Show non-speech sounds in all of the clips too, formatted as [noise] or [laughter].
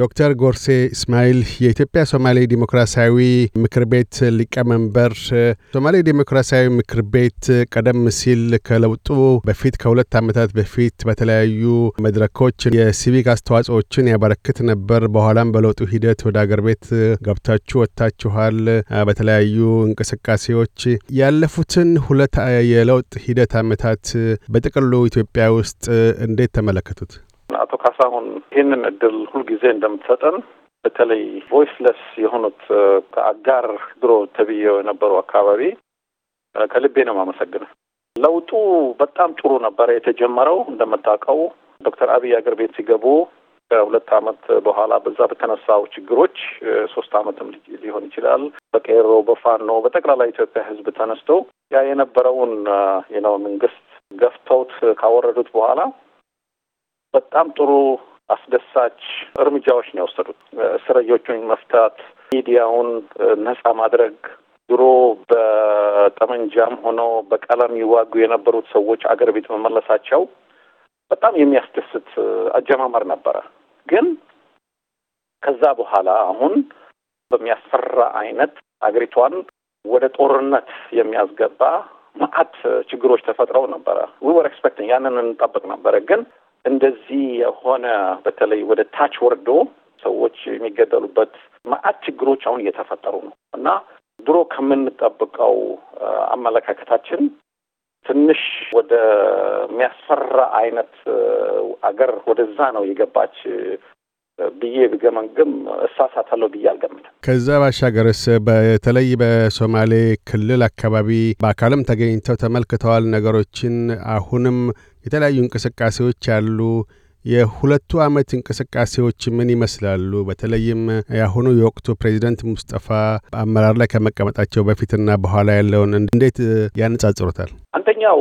ዶክተር ጎርሴ እስማኤል የኢትዮጵያ ሶማሌ ዲሞክራሲያዊ ምክር ቤት ሊቀመንበር። ሶማሌ ዲሞክራሲያዊ ምክር ቤት ቀደም ሲል ከለውጡ በፊት ከሁለት ዓመታት በፊት በተለያዩ መድረኮች የሲቪክ አስተዋጽኦችን ያበረክት ነበር። በኋላም በለውጡ ሂደት ወደ አገር ቤት ገብታችሁ ወጥታችኋል። በተለያዩ እንቅስቃሴዎች ያለፉትን ሁለት የለውጥ ሂደት ዓመታት በጥቅሉ ኢትዮጵያ ውስጥ እንዴት ተመለከቱት? አቶ ካሳሁን ይህንን እድል ሁልጊዜ እንደምትሰጠን በተለይ ቮይስለስ የሆኑት ከአጋር ድሮ ተብዬው የነበሩ አካባቢ ከልቤ ነው ማመሰግነ ለውጡ በጣም ጥሩ ነበረ የተጀመረው። እንደምታውቀው ዶክተር አብይ አገር ቤት ሲገቡ ከሁለት ዓመት በኋላ በዛ በተነሳው ችግሮች ሶስት አመትም ሊሆን ይችላል በቄሮ በፋኖ በጠቅላላ ኢትዮጵያ ህዝብ ተነስቶ ያ የነበረውን የነው መንግስት ገፍተውት ካወረዱት በኋላ በጣም ጥሩ አስደሳች እርምጃዎች ነው የወሰዱት። እስረኞቹን መፍታት፣ ሚዲያውን ነጻ ማድረግ ድሮ በጠመንጃም ሆነው በቀለም ይዋጉ የነበሩት ሰዎች አገር ቤት መመለሳቸው በጣም የሚያስደስት አጀማመር ነበረ። ግን ከዛ በኋላ አሁን በሚያስፈራ አይነት አገሪቷን ወደ ጦርነት የሚያስገባ መዓት ችግሮች ተፈጥረው ነበረ። ዊ ወር ኤክስፔክቲንግ ያንን እንጠብቅ ነበረ ግን እንደዚህ የሆነ በተለይ ወደ ታች ወርዶ ሰዎች የሚገደሉበት መዓት ችግሮች አሁን እየተፈጠሩ ነው እና ድሮ ከምንጠብቀው አመለካከታችን ትንሽ ወደ የሚያስፈራ አይነት አገር ወደዛ ነው የገባች ብዬ ብገመንግም እሳሳታለሁ ብዬ አልገምትም። ከዛ ባሻገርስ በተለይ በሶማሌ ክልል አካባቢ በአካልም ተገኝተው ተመልክተዋል ነገሮችን አሁንም የተለያዩ እንቅስቃሴዎች አሉ። የሁለቱ ዓመት እንቅስቃሴዎች ምን ይመስላሉ? በተለይም የአሁኑ የወቅቱ ፕሬዚደንት ሙስጠፋ አመራር ላይ ከመቀመጣቸው በፊትና በኋላ ያለውን እንዴት ያነጻጽሩታል? አንደኛው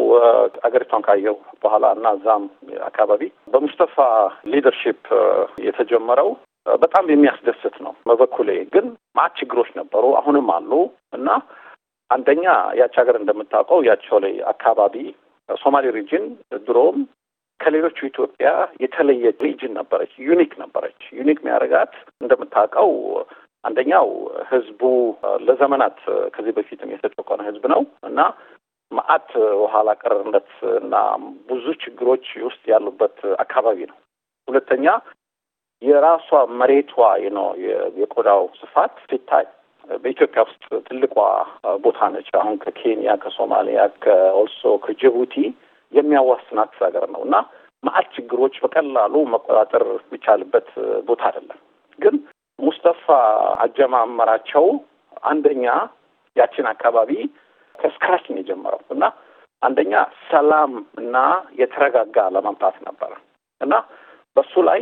አገሪቷን ካየው በኋላ እና እዛም አካባቢ በሙስጠፋ ሊደርሺፕ የተጀመረው በጣም የሚያስደስት ነው። መበኩሌ ግን ማት ችግሮች ነበሩ፣ አሁንም አሉ እና አንደኛ ያች ሀገር እንደምታውቀው ያቸው ላይ አካባቢ ሶማሌ ሪጅን ድሮም ከሌሎቹ ኢትዮጵያ የተለየ ሪጅን ነበረች። ዩኒክ ነበረች። ዩኒክ የሚያደርጋት እንደምታውቀው አንደኛው ህዝቡ ለዘመናት ከዚህ በፊትም የተጨቆነ ህዝብ ነው እና መዓት ኋላ ቀርነት እና ብዙ ችግሮች ውስጥ ያሉበት አካባቢ ነው። ሁለተኛ የራሷ መሬቷ ነው የቆዳው ስፋት ሲታይ በኢትዮጵያ ውስጥ ትልቋ ቦታ ነች። አሁን ከኬንያ፣ ከሶማሊያ፣ ከኦልሶ ከጅቡቲ የሚያዋስናት ሀገር ነው እና መዓት ችግሮች በቀላሉ መቆጣጠር የሚቻልበት ቦታ አይደለም። ግን ሙስጠፋ አጀማመራቸው አንደኛ ያችን አካባቢ ከስክራች ነው የጀመረው እና አንደኛ ሰላም እና የተረጋጋ ለማምጣት ነበረ እና በሱ ላይ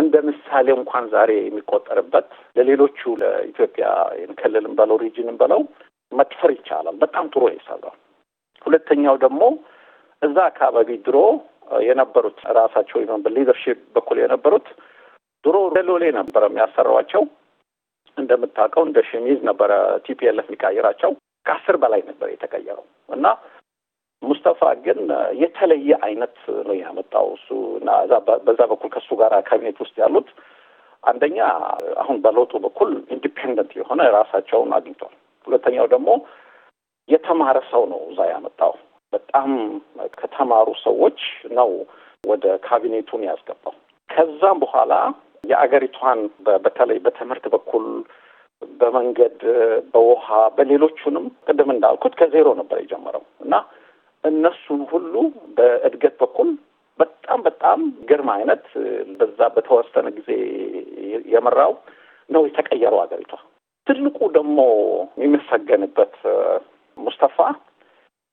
እንደ ምሳሌ እንኳን ዛሬ የሚቆጠርበት ለሌሎቹ ለኢትዮጵያ ክልልም በለው ሪጅንም በለው መጥፈር ይቻላል። በጣም ጥሩ የሰራው። ሁለተኛው ደግሞ እዛ አካባቢ ድሮ የነበሩት ራሳቸው በሊደርሺፕ በኩል የነበሩት ድሮ ሎሌ ነበረ የሚያሰሯቸው። እንደምታውቀው እንደ ሸሚዝ ነበረ ቲፒኤልኤፍ የሚቀይራቸው። ከአስር በላይ ነበር የተቀየረው እና ሙስተፋ ግን የተለየ አይነት ነው ያመጣው እሱ እና በዛ በኩል ከሱ ጋር ካቢኔት ውስጥ ያሉት አንደኛ አሁን በለውጡ በኩል ኢንዲፔንደንት የሆነ ራሳቸውን አግኝቷል። ሁለተኛው ደግሞ የተማረ ሰው ነው እዛ ያመጣው። በጣም ከተማሩ ሰዎች ነው ወደ ካቢኔቱን ያስገባው። ከዛም በኋላ የአገሪቷን በተለይ በትምህርት በኩል በመንገድ፣ በውሃ፣ በሌሎቹንም ቅድም እንዳልኩት ከዜሮ ነበር የጀመረው እና እነሱን ሁሉ በእድገት በኩል በጣም በጣም ግርማ አይነት በዛ በተወሰነ ጊዜ የመራው ነው የተቀየረው ሀገሪቷ። ትልቁ ደግሞ የሚመሰገንበት ሙስተፋ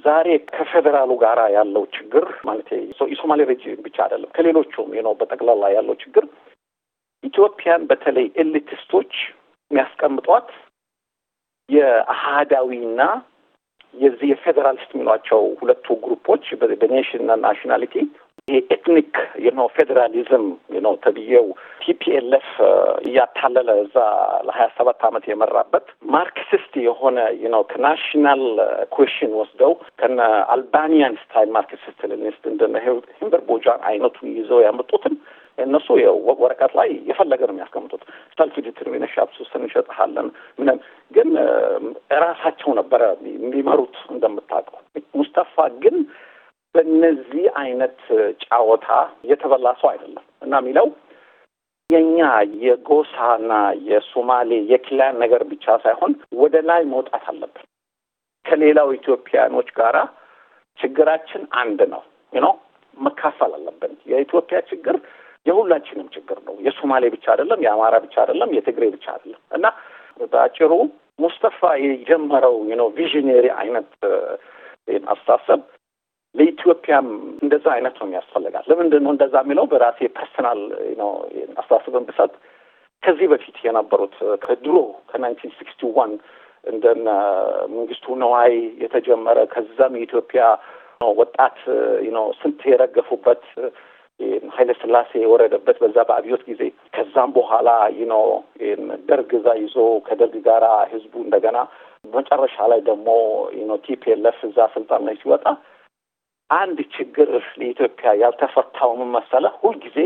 ዛሬ ከፌዴራሉ ጋራ ያለው ችግር ማለት የሶማሌ ሬጂም ብቻ አይደለም፣ ከሌሎቹም ነው በጠቅላላ ያለው ችግር ኢትዮጵያን በተለይ ኤሊቲስቶች የሚያስቀምጧት የአህዳዊና የዚህ የፌዴራሊስት የሚሏቸው ሁለቱ ግሩፖች በኔሽን እና ናሽናሊቲ የኤትኒክ የነው ፌዴራሊዝም የነው ተብዬው ቲፒኤልኤፍ እያታለለ እዛ ለሀያ ሰባት አመት የመራበት ማርክሲስት የሆነ ነው ከናሽናል ኩዌሽን ወስደው ከነ አልባኒያን ስታይል ማርክሲስት ሌኒኒስት እንደነ ቦጃን አይነቱን ይዘው ያመጡትን እነሱ ወረቀት ላይ የፈለገ ነው የሚያስቀምጡት። ሰልፍ ዲተርሚኔሽን አብሶስን እንሸጥሃለን ምንም። ግን እራሳቸው ነበረ የሚመሩት እንደምታውቀው። ሙስጠፋ ግን በእነዚህ አይነት ጫወታ የተበላ ሰው አይደለም እና የሚለው የኛ የጎሳና የሶማሌ የክላን ነገር ብቻ ሳይሆን ወደ ላይ መውጣት አለብን። ከሌላው ኢትዮጵያኖች ጋራ ችግራችን አንድ ነው ነው መካፈል አለብን። የኢትዮጵያ ችግር የሁላችንም ችግር ነው። የሶማሌ ብቻ አይደለም፣ የአማራ ብቻ አይደለም፣ የትግሬ ብቻ አይደለም እና በአጭሩ ሙስተፋ የጀመረው ነው ቪዥነሪ አይነት አስተሳሰብ ለኢትዮጵያም እንደዛ አይነት ነው የሚያስፈልጋል። ለምንድን ነው እንደዛ የሚለው በራሴ ፐርሰናል ነው አስተሳሰብን ብሰጥ ከዚህ በፊት የነበሩት ከድሮ ከናይንቲን ሲክስቲ ዋን እንደነ መንግስቱ ነዋይ የተጀመረ ከዛም የኢትዮጵያ ወጣት ነው ስንት የረገፉበት ኃይለ ስላሴ የወረደበት በዛ በአብዮት ጊዜ ከዛም በኋላ ይኖ ደርግ እዛ ይዞ ከደርግ ጋር ህዝቡ እንደገና መጨረሻ ላይ ደግሞ ኖ ቲፒኤልኤፍ እዛ ስልጣን ላይ ሲወጣ አንድ ችግር ለኢትዮጵያ ያልተፈታው ምን መሰለህ? ሁልጊዜ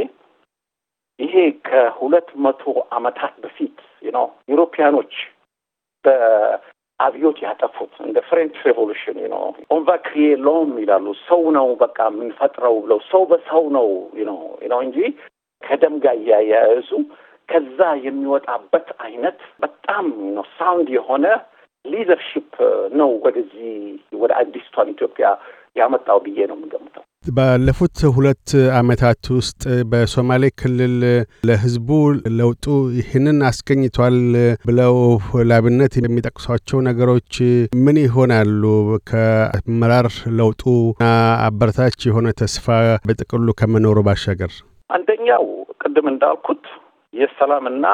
ይሄ ከሁለት መቶ አመታት በፊት ነው ዩሮፒያኖች አብዮት ያጠፉት እንደ ፍሬንች ሬቮሉሽን ነው። ኦን ቫ ክሪዬ ሎም ይላሉ። ሰው ነው በቃ የምንፈጥረው ብለው ሰው በሰው ነው ነው ነው እንጂ ከደም ጋር እያያያዙ ከዛ የሚወጣበት አይነት በጣም ነው ሳውንድ የሆነ ሊደርሺፕ ነው ወደዚህ ወደ አዲስቷን ኢትዮጵያ ያመጣው ብዬ ነው የምገምተው። ባለፉት ሁለት ዓመታት ውስጥ በሶማሌ ክልል ለሕዝቡ ለውጡ ይህንን አስገኝቷል ብለው ላብነት የሚጠቅሷቸው ነገሮች ምን ይሆናሉ? ከአመራር ለውጡና አበረታች የሆነ ተስፋ በጥቅሉ ከመኖሩ ባሻገር አንደኛው ቅድም እንዳልኩት የሰላምና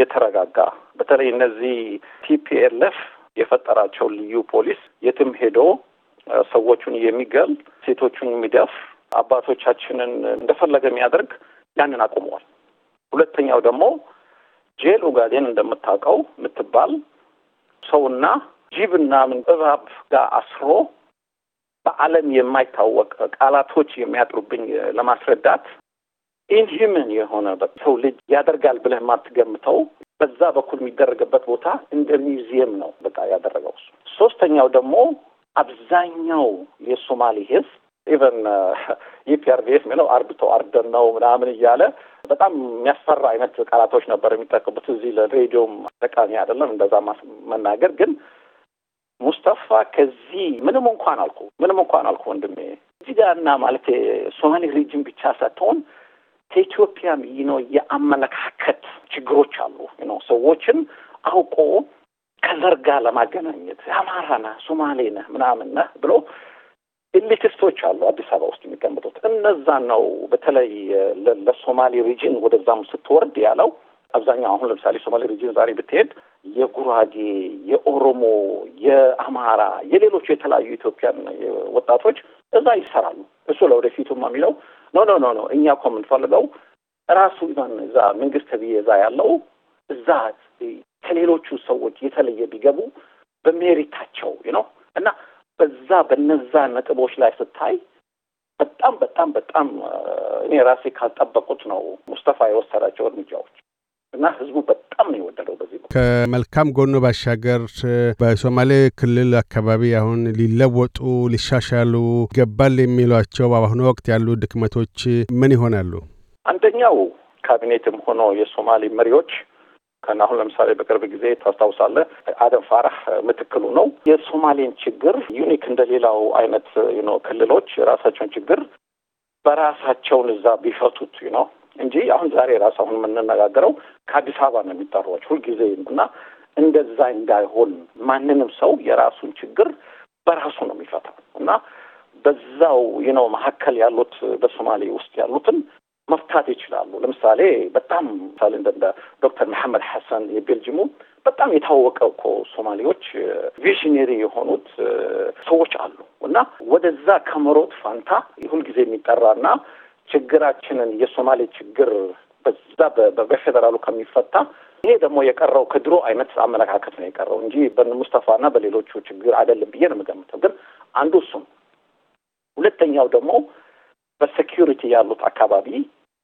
የተረጋጋ በተለይ እነዚህ ቲፒኤልኤፍ የፈጠራቸው ልዩ ፖሊስ የትም ሄዶ ሰዎቹን የሚገል፣ ሴቶቹን የሚደፍ፣ አባቶቻችንን እንደፈለገ የሚያደርግ ያንን አቁመዋል። ሁለተኛው ደግሞ ጄል ኡጋዴን እንደምታውቀው የምትባል ሰውና ጅብና ምን እባብ ጋር አስሮ በዓለም የማይታወቅ ቃላቶች የሚያጥሩብኝ ለማስረዳት ኢንሂምን የሆነ ሰው ልጅ ያደርጋል ብለህ የማትገምተው በዛ በኩል የሚደረግበት ቦታ እንደ ሚውዚየም ነው በቃ ያደረገው። ሶስተኛው ደግሞ አብዛኛው የሶማሌ ህዝብ ኢቨን ኢፒአርዲኤፍ የሚለው አርብቶ አርደን ነው ምናምን እያለ በጣም የሚያስፈራ አይነት ቃላቶች ነበር የሚጠቅሙት። እዚህ ለሬዲዮም ጠቃሚ አይደለም እንደዛ መናገር። ግን ሙስተፋ ከዚህ ምንም እንኳን አልኩ ምንም እንኳን አልኩ ወንድሜ እዚህ ጋር እና ማለት ሶማሌ ሪጅን ብቻ ሳትሆን ከኢትዮጵያም ነው የአመለካከት ችግሮች አሉ ነው ሰዎችን አውቆ ከዘር ጋር ለማገናኘት አማራ ነህ፣ ሶማሌ ነህ፣ ምናምን ነህ ብሎ ኤሊቲስቶች አሉ አዲስ አበባ ውስጥ የሚቀምጡት እነዛ ነው። በተለይ ለሶማሌ ሪጅን ወደዛም ስትወርድ ያለው አብዛኛው አሁን ለምሳሌ ሶማሌ ሪጅን ዛሬ ብትሄድ የጉራጌ፣ የኦሮሞ፣ የአማራ፣ የሌሎቹ የተለያዩ ኢትዮጵያን ወጣቶች እዛ ይሰራሉ። እሱ ለወደፊቱማ የሚለው ኖ ኖ ኖ ኖ እኛ እኮ የምንፈልገው ራሱ እዛ መንግስት ብዬ እዛ ያለው እዛ ከሌሎቹ ሰዎች የተለየ ቢገቡ በሜሪታቸው ነው እና በዛ በነዛ ነጥቦች ላይ ስታይ በጣም በጣም በጣም እኔ ራሴ ካልጠበቁት ነው ሙስጠፋ የወሰዳቸው እርምጃዎች እና ህዝቡ በጣም ነው የወደደው። በዚህ ከመልካም ጎኑ ባሻገር በሶማሌ ክልል አካባቢ አሁን ሊለወጡ ሊሻሻሉ ይገባል የሚሏቸው በአሁኑ ወቅት ያሉ ድክመቶች ምን ይሆናሉ? አንደኛው ካቢኔትም ሆኖ የሶማሌ መሪዎች ከና አሁን ለምሳሌ በቅርብ ጊዜ ታስታውሳለህ አደም ፋራህ ምትክሉ ነው። የሶማሌን ችግር ዩኒክ እንደሌላው አይነት ዩኖ ክልሎች የራሳቸውን ችግር በራሳቸውን እዛ ቢፈቱት ነው እንጂ አሁን ዛሬ ራሱ አሁን የምንነጋገረው ከአዲስ አበባ ነው የሚጠሯች ሁልጊዜ እና እንደዛ እንዳይሆን ማንንም ሰው የራሱን ችግር በራሱ ነው የሚፈታው እና በዛው ነው መካከል ያሉት በሶማሌ ውስጥ ያሉትን መፍታት ይችላሉ። ለምሳሌ በጣም ምሳሌ እንደ ዶክተር መሐመድ ሐሰን የቤልጅሙ በጣም የታወቀ እኮ ሶማሌዎች ቪዥኔሪ የሆኑት ሰዎች አሉ እና ወደዛ ከመሮጥ ፋንታ የሚጠራ የሚጠራና ችግራችንን የሶማሌ ችግር በዛ በፌዴራሉ ከሚፈታ ይሄ ደግሞ የቀረው ከድሮ አይነት አመለካከት ነው የቀረው እንጂ በሙስተፋ ሙስተፋና በሌሎቹ ችግር አይደለም ብዬ ነው የምገምተው። ግን አንዱ ነው። ሁለተኛው ደግሞ በሴኪሪቲ ያሉት አካባቢ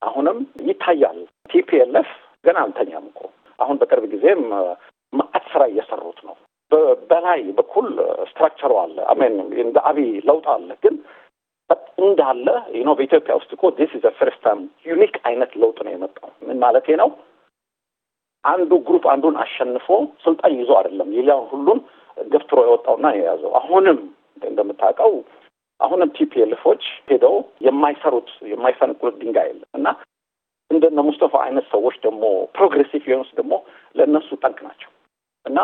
አሁንም ይታያል። ቲፒኤልኤፍ ገና አልተኛም እኮ አሁን በቅርብ ጊዜም ማአት ስራ እየሰሩት ነው። በላይ በኩል ስትራክቸሩ አለ አሜን እንደ አብይ ለውጥ አለ ግን እንዳለ ዩኖ በኢትዮጵያ ውስጥ እኮ ዲስ ኢዝ ፈርስት ታይም ዩኒክ አይነት ለውጥ ነው የመጣው። ምን ማለቴ ነው? አንዱ ግሩፕ አንዱን አሸንፎ ስልጣን ይዞ አይደለም ሌላውን ሁሉን ገፍትሮ የወጣውና የያዘው አሁንም እንደምታውቀው አሁንም ቲፒኤልፎች ሄደው የማይሰሩት የማይፈነቅሉት ድንጋይ የለም እና እንደነ ሙስጠፋ አይነት ሰዎች ደግሞ ፕሮግሬሲቭ የሆኑት ደግሞ ለእነሱ ጠንቅ ናቸው እና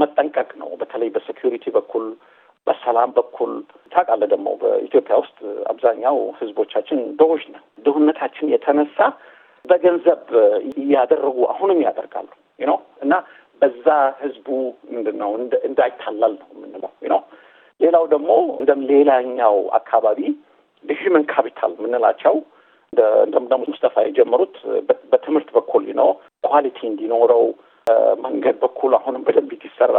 መጠንቀቅ ነው። በተለይ በሴኪሪቲ በኩል በሰላም በኩል ታውቃለህ፣ ደግሞ በኢትዮጵያ ውስጥ አብዛኛው ህዝቦቻችን ድሆች ነው። ድህነታችን የተነሳ በገንዘብ እያደረጉ አሁንም ያደርጋሉ ነው እና በዛ ህዝቡ ምንድን ነው እንዳይታላል ነው የምንለው ነው ሌላው ደግሞ እንደ ሌላኛው አካባቢ ሂመን ካፒታል የምንላቸው እንደምዳሙ ሙስተፋ የጀመሩት በትምህርት በኩል ነው ኳሊቲ እንዲኖረው መንገድ በኩል አሁንም በደንብ ይሰራ።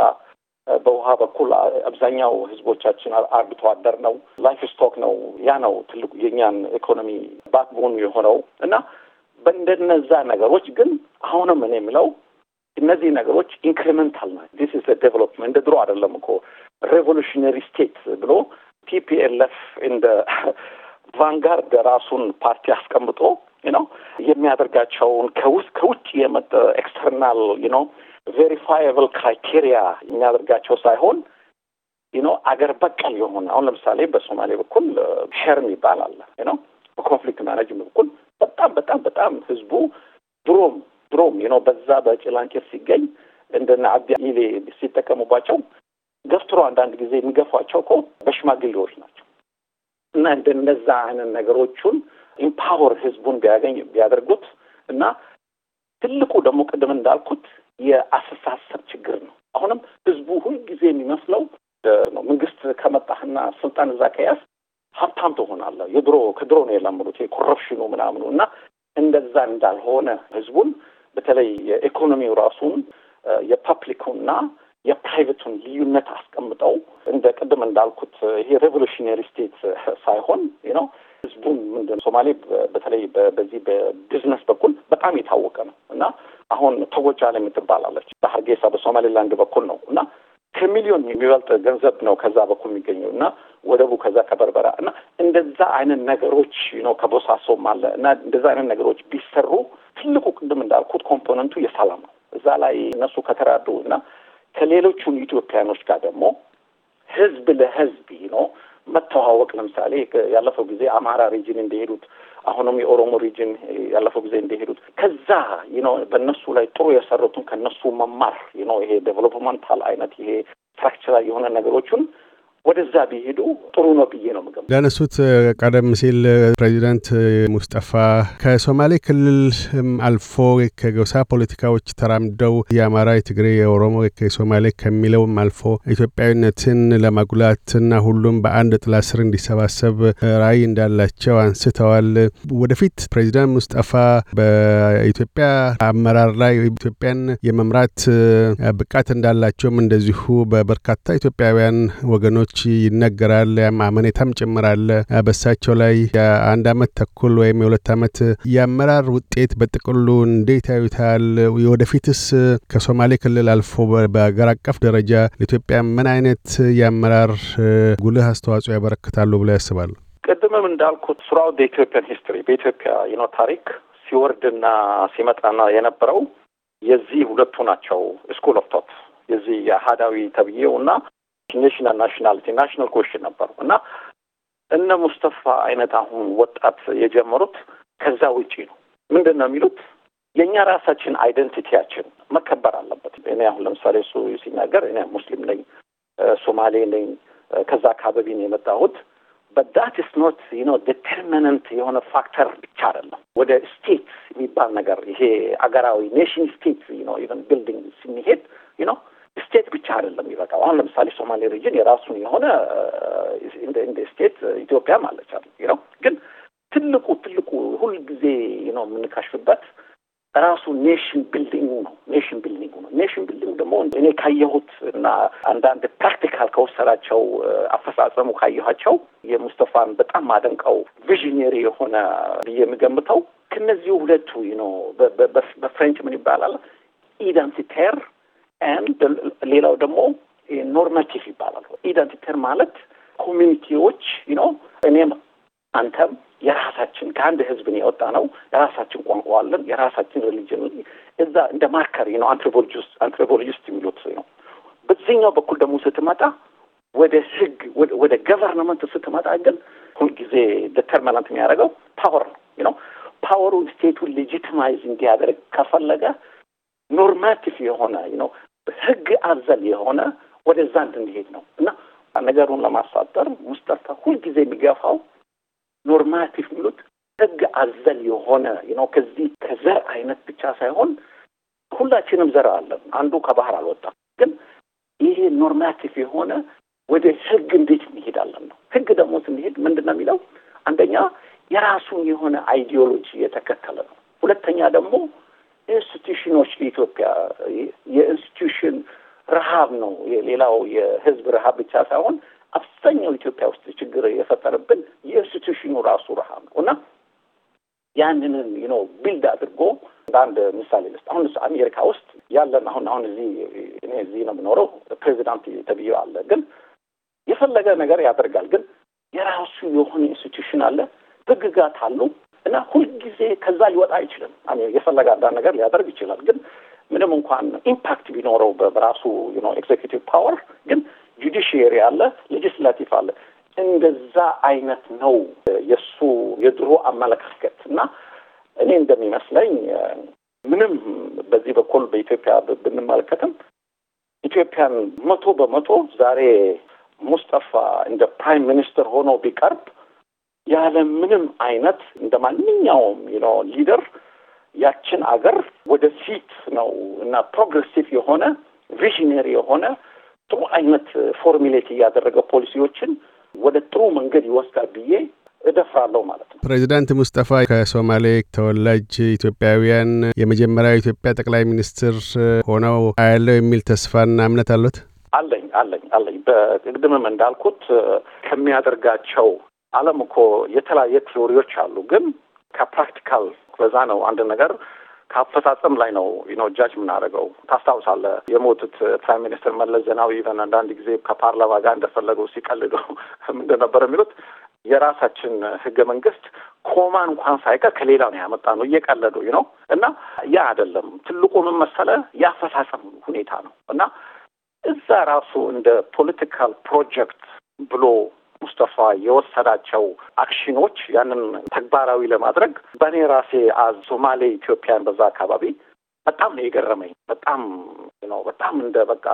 በውሃ በኩል አብዛኛው ህዝቦቻችን አርብቶ አደር ነው፣ ላይፍ ስቶክ ነው። ያ ነው ትልቁ የእኛን ኢኮኖሚ ባክቦን የሆነው እና በእንደነዛ ነገሮች ግን አሁንም እኔ የምለው እነዚህ ነገሮች ኢንክሪመንታል ናቸው። ዲስ ኢዝ ዴቨሎፕመንት እንደ ድሮ አይደለም እኮ ሬቮሉሽነሪ ስቴት ብሎ ቲፒኤልኤፍ እንደ ቫንጋርድ ራሱን ፓርቲ አስቀምጦ ነው የሚያደርጋቸውን ከውስጥ ከውጭ የመጠ ኤክስተርናል ነው ቬሪፋየብል ክራይቴሪያ የሚያደርጋቸው ሳይሆን ነው አገር በቀል የሆነ አሁን ለምሳሌ በሶማሌ በኩል uh, ሸርም ይባላል ነው በኮንፍሊክት ማናጅመንት በኩል በጣም በጣም በጣም ህዝቡ ድሮም ነው በዛ በጭላንጭር ሲገኝ እንደነ አቢ ኢሌ ሲጠቀሙባቸው ገፍትሮ አንዳንድ ጊዜ የሚገፏቸው እኮ በሽማግሌዎች ናቸው እና እንደነዛ አይነት ነገሮቹን ኢምፓወር ህዝቡን ቢያገኝ ቢያደርጉት እና ትልቁ ደግሞ ቅድም እንዳልኩት የአስተሳሰብ ችግር ነው። አሁንም ህዝቡ ሁልጊዜ የሚመስለው ነው መንግስት ከመጣህና ስልጣን እዛ ከያዝ ሀብታም ትሆናለህ። የድሮ ከድሮ ነው የለምዱት የኮረፕሽኑ ምናምኑ እና እንደዛ እንዳልሆነ ህዝቡን በተለይ የኢኮኖሚው ራሱን የፐብሊኩና የፕራይቬቱን ልዩነት አስቀምጠው እንደ ቅድም እንዳልኩት ይሄ ሬቮሉሽነሪ ስቴት ሳይሆን ነው። ህዝቡን ምንድን ሶማሌ በተለይ በዚህ በቢዝነስ በኩል በጣም የታወቀ ነው እና አሁን ተጎጂ ዓለም ትባላለች በሀርጌሳ በሶማሌላንድ በኩል ነው እና ከሚሊዮን የሚበልጥ ገንዘብ ነው ከዛ በኩል የሚገኘው እና ወደቡ ከዛ ከበርበራ እና እንደዛ አይነት ነገሮች ነው ከቦሳሶም አለ እና እንደዛ አይነት ነገሮች ቢሰሩ ትልቁ ቅድም እንዳልኩት ኮምፖነንቱ የሰላም ነው። እዛ ላይ እነሱ ከተራዱ እና ከሌሎቹን ኢትዮጵያኖች ጋር ደግሞ ህዝብ ለህዝብ ነው መተዋወቅ ለምሳሌ ያለፈው ጊዜ አማራ ሪጅን እንደሄዱት አሁንም የኦሮሞ ሪጅን ያለፈው ጊዜ እንደሄዱት ከዛ ነው በእነሱ ላይ ጥሩ የሰሩትን ከነሱ መማር ነው ይሄ ዴቨሎፕመንታል አይነት ይሄ ስትራክቸራል የሆነ ነገሮቹን ወደዛ ቢሄዱ ጥሩ ነው ብዬ ነው ምገም ለነሱት ቀደም ሲል ፕሬዚደንት ሙስጠፋ ከሶማሌ ክልል አልፎ ከገውሳ ፖለቲካዎች ተራምደው የአማራ፣ የትግሬ፣ የኦሮሞ፣ የሶማሌ ከሚለውም አልፎ ኢትዮጵያዊነትን ለማጉላትና ሁሉም በአንድ ጥላ ስር እንዲሰባሰብ ራዕይ እንዳላቸው አንስተዋል። ወደፊት ፕሬዚዳንት ሙስጠፋ በኢትዮጵያ አመራር ላይ ኢትዮጵያን የመምራት ብቃት እንዳላቸውም እንደዚሁ በበርካታ ኢትዮጵያውያን ወገኖች ይነገራል። አመኔታም ጭምራለ። በሳቸው ላይ የአንድ አመት ተኩል ወይም የሁለት አመት የአመራር ውጤት በጥቅሉ እንዴት ያዩታል? ወደፊትስ ከሶማሌ ክልል አልፎ በአገር አቀፍ ደረጃ ለኢትዮጵያ ምን አይነት የአመራር ጉልህ አስተዋጽኦ ያበረክታሉ ብለው ያስባሉ? ቅድምም እንዳልኩት ስራው በኢትዮጵያን ሂስትሪ በኢትዮጵያ ይኖ ታሪክ ሲወርድና ሲመጣና የነበረው የዚህ ሁለቱ ናቸው። ስኩል ኦፍ ቶት የዚህ የአህዳዊ ተብዬው እና ኔሽናል ናሽናሊቲ ናሽናል ኮሽን ነበሩ እና እነ ሙስተፋ አይነት አሁን ወጣት የጀመሩት ከዛ ውጪ ነው። ምንድን ነው የሚሉት? የእኛ ራሳችን አይደንቲቲያችን መከበር አለበት። እኔ አሁን ለምሳሌ እሱ ሲናገር እኔ ሙስሊም ነኝ፣ ሶማሌ ነኝ፣ ከዛ አካባቢ ነው የመጣሁት በዳት ኢስ ኖት ዩኖ ዲተርሚናንት የሆነ ፋክተር ብቻ አይደለም። ወደ ስቴት የሚባል ነገር ይሄ አገራዊ ኔሽን ስቴት ነው ኢቨን ቢልዲንግ ስንሄድ ነው ስቴት ብቻ አይደለም ይበቃው። አሁን ለምሳሌ ሶማሌ ሪጅን የራሱን የሆነ እንደ ስቴት ኢትዮጵያም አለች ነው። ግን ትልቁ ትልቁ ሁል ጊዜ ነው የምንካሽፍበት ራሱ ኔሽን ቢልዲንግ ነው። ኔሽን ቢልዲንግ ነው። ኔሽን ቢልዲንግ ደግሞ እኔ ካየሁት እና አንዳንድ ፕራክቲካል ከወሰዳቸው አፈጻጸሙ ካየኋቸው የሙስተፋን በጣም ማደንቀው ቪዥነሪ የሆነ ብዬ የምገምተው ከነዚሁ ሁለቱ ነው በፍሬንች ምን ይባላል ኢደንቲቴር አንድ ሌላው ደግሞ ኖርማቲቭ ይባላል። ኢደንቲተር ማለት ኮሚኒቲዎች ነው። እኔም አንተም የራሳችን ከአንድ ህዝብን የወጣ ነው። የራሳችን ቋንቋ አለን፣ የራሳችን ሪሊጅን እዛ እንደ ማርከሪ ነው። አንትሮፖሎጂስት አንትሮፖሎጂስት የሚሉት ነው። በዚህኛው በኩል ደግሞ ስትመጣ ወደ ህግ ወደ ገቨርንመንት ስትመጣ ግን ሁልጊዜ ዲተርሚናንት የሚያደርገው ፓወር ነው። ፓወሩ ስቴቱን ሌጂቲማይዝ እንዲያደርግ ከፈለገ ኖርማቲቭ የሆነ ነው ህግ አዘል የሆነ ወደዛ እንድንሄድ ነው እና ነገሩን ለማሳጠር ሙስጠፋ ሁልጊዜ የሚገፋው ኖርማቲቭ የሚሉት ህግ አዘል የሆነ ነው። ከዚህ ከዘር አይነት ብቻ ሳይሆን ሁላችንም ዘር አለን። አንዱ ከባህር አልወጣም። ግን ይሄ ኖርማቲቭ የሆነ ወደ ህግ እንዴት እንሄዳለን ነው። ህግ ደግሞ ስንሄድ ምንድን ነው የሚለው? አንደኛ የራሱን የሆነ አይዲዮሎጂ የተከተለ ነው። ሁለተኛ ደግሞ ኢንስቲቱሽኖች፣ ለኢትዮጵያ የኢንስቲቱ ረሀብ ነው። ሌላው የህዝብ ረሀብ ብቻ ሳይሆን አብዛኛው ኢትዮጵያ ውስጥ ችግር የፈጠረብን የኢንስቲቱሽኑ ራሱ ረሀብ ነው እና ያንንን ነው ቢልድ አድርጎ በአንድ ምሳሌ ልስጥ። አሁን አሜሪካ ውስጥ ያለን አሁን አሁን እዚህ እኔ እዚህ ነው የምኖረው ፕሬዚዳንት ተብዬ አለ፣ ግን የፈለገ ነገር ያደርጋል፣ ግን የራሱ የሆነ ኢንስቲቱሽን አለ፣ ህግጋት አሉ እና ሁልጊዜ ከዛ ሊወጣ አይችልም። የፈለገ አንዳንድ ነገር ሊያደርግ ይችላል፣ ግን ምንም እንኳን ኢምፓክት ቢኖረው በራሱ ኤግዜኪቲቭ ፓወር ግን ጁዲሽየሪ አለ፣ ሌጅስላቲቭ አለ። እንደዛ አይነት ነው የእሱ የድሮ አመለካከት እና እኔ እንደሚመስለኝ ምንም በዚህ በኩል በኢትዮጵያ ብንመለከትም ኢትዮጵያን መቶ በመቶ ዛሬ ሙስጠፋ እንደ ፕራይም ሚኒስትር ሆኖ ቢቀርብ ያለ ምንም አይነት እንደ ማንኛውም ሊደር ያችን አገር ወደፊት ነው እና ፕሮግሬሲቭ የሆነ ቪዥነሪ የሆነ ጥሩ አይነት ፎርሚሌት እያደረገ ፖሊሲዎችን ወደ ጥሩ መንገድ ይወስዳል ብዬ እደፍራለሁ ማለት ነው። ፕሬዚዳንት ሙስጠፋ ከሶማሌ ተወላጅ ኢትዮጵያውያን የመጀመሪያው ኢትዮጵያ ጠቅላይ ሚኒስትር ሆነው አያለው የሚል ተስፋና እምነት አሉት? አለኝ አለኝ አለኝ። በቅድምም እንዳልኩት ከሚያደርጋቸው አለም እኮ የተለያየ ቲዎሪዎች አሉ ግን ከፕራክቲካል በዛ ነው አንድ ነገር ከአፈጻጸም ላይ ነው ነው ጃጅ የምናደርገው። ታስታውሳለህ የሞቱት ፕራይም ሚኒስትር መለስ ዜናዊ ኢቨን አንዳንድ ጊዜ ከፓርላማ ጋር እንደፈለገው ሲቀልደው [laughs] ምንድን ነበር የሚሉት የራሳችን ህገ መንግስት ኮማ እንኳን ሳይቀር ከሌላ ነው ያመጣ ነው እየቀለዱ ነው። እና ያ አይደለም ትልቁ ምን መሰለ የአፈጻጸም ሁኔታ ነው። እና እዛ ራሱ እንደ ፖለቲካል ፕሮጀክት ብሎ ሙስተፋ የወሰዳቸው አክሽኖች ያንን ተግባራዊ ለማድረግ በእኔ ራሴ አዝ ሶማሌ ኢትዮጵያን በዛ አካባቢ በጣም ነው የገረመኝ። በጣም ነው በጣም እንደ በቃ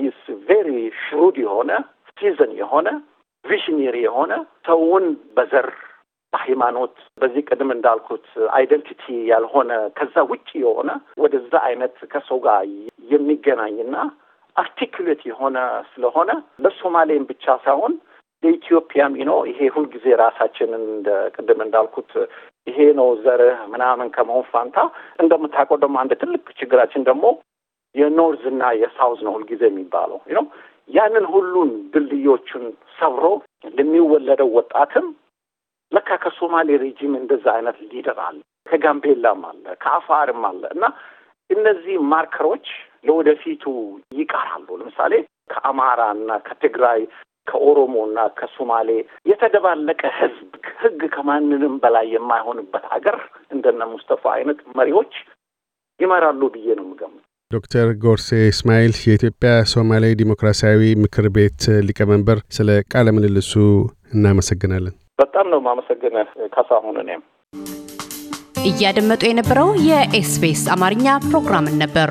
ሂስ ቬሪ ሽሩድ የሆነ ሲዝን የሆነ ቪሽነሪ የሆነ ሰውን በዘር በሃይማኖት በዚህ ቅድም እንዳልኩት አይደንቲቲ ያልሆነ ከዛ ውጭ የሆነ ወደዛ አይነት ከሰው ጋር የሚገናኝና አርቲኩሌት የሆነ ስለሆነ ለሶማሌም ብቻ ሳይሆን በኢትዮጵያም ነው ይሄ ሁልጊዜ ራሳችንን እንደ ቅድም እንዳልኩት ይሄ ነው ዘርህ ምናምን ከመሆን ፋንታ እንደምታውቀው ደግሞ አንድ ትልቅ ችግራችን ደግሞ የኖርዝ እና የሳውዝ ነው ሁልጊዜ የሚባለው ነው። ያንን ሁሉን ድልድዮቹን ሰብሮ ለሚወለደው ወጣትም ለካ ከሶማሌ ሬጂም እንደዛ አይነት ሊደር አለ፣ ከጋምቤላም አለ፣ ከአፋርም አለ እና እነዚህ ማርከሮች ለወደፊቱ ይቀራሉ። ለምሳሌ ከአማራ እና ከትግራይ ከኦሮሞና ከሶማሌ የተደባለቀ ህዝብ ህግ ከማንንም በላይ የማይሆንበት ሀገር እንደነ ሙስተፋ አይነት መሪዎች ይመራሉ ብዬ ነው የምገምተው። ዶክተር ጎርሴ እስማኤል የኢትዮጵያ ሶማሌ ዲሞክራሲያዊ ምክር ቤት ሊቀመንበር፣ ስለ ቃለ ምልልሱ እናመሰግናለን። በጣም ነው ማመሰግነ ካሳሁን። እኔም እያደመጡ የነበረው የኤስቢኤስ አማርኛ ፕሮግራምን ነበር።